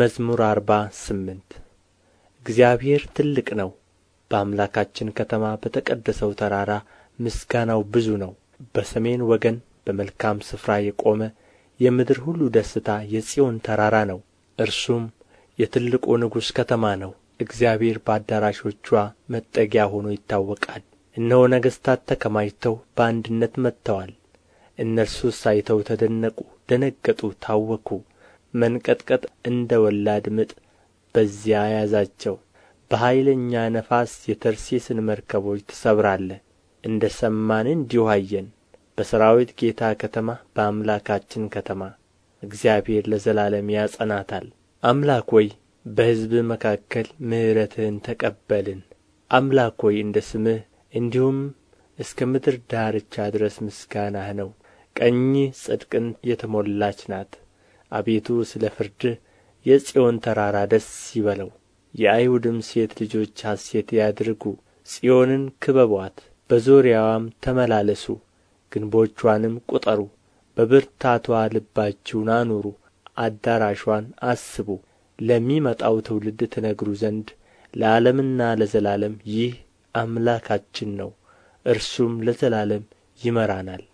መዝሙር አርባ ስምንት እግዚአብሔር ትልቅ ነው በአምላካችን ከተማ በተቀደሰው ተራራ ምስጋናው ብዙ ነው በሰሜን ወገን በመልካም ስፍራ የቆመ የምድር ሁሉ ደስታ የጽዮን ተራራ ነው እርሱም የትልቁ ንጉሥ ከተማ ነው እግዚአብሔር በአዳራሾቿ መጠጊያ ሆኖ ይታወቃል እነሆ ነገሥታት ተከማችተው በአንድነት መጥተዋል እነርሱ አይተው ተደነቁ ደነገጡ ታወኩ መንቀጥቀጥ እንደ ወላድ ምጥ በዚያ ያዛቸው በኃይለኛ ነፋስ የተርሴስን መርከቦች ትሰብራለህ እንደ ሰማን እንዲሁ አየን በሠራዊት ጌታ ከተማ በአምላካችን ከተማ እግዚአብሔር ለዘላለም ያጸናታል አምላክ ሆይ በሕዝብ መካከል ምሕረትህን ተቀበልን አምላክ ሆይ እንደ ስምህ እንዲሁም እስከ ምድር ዳርቻ ድረስ ምስጋናህ ነው ቀኝህ ጽድቅን የተሞላች ናት አቤቱ ስለ ፍርድህ የጽዮን ተራራ ደስ ይበለው የአይሁድም ሴት ልጆች ሐሴት ያድርጉ ጽዮንን ክበቧት፣ በዙሪያዋም ተመላለሱ ግንቦችዋንም ቍጠሩ በብርታትዋ ልባችሁን አኑሩ አዳራሽዋን አስቡ ለሚመጣው ትውልድ ትነግሩ ዘንድ ለዓለምና ለዘላለም ይህ አምላካችን ነው እርሱም ለዘላለም ይመራናል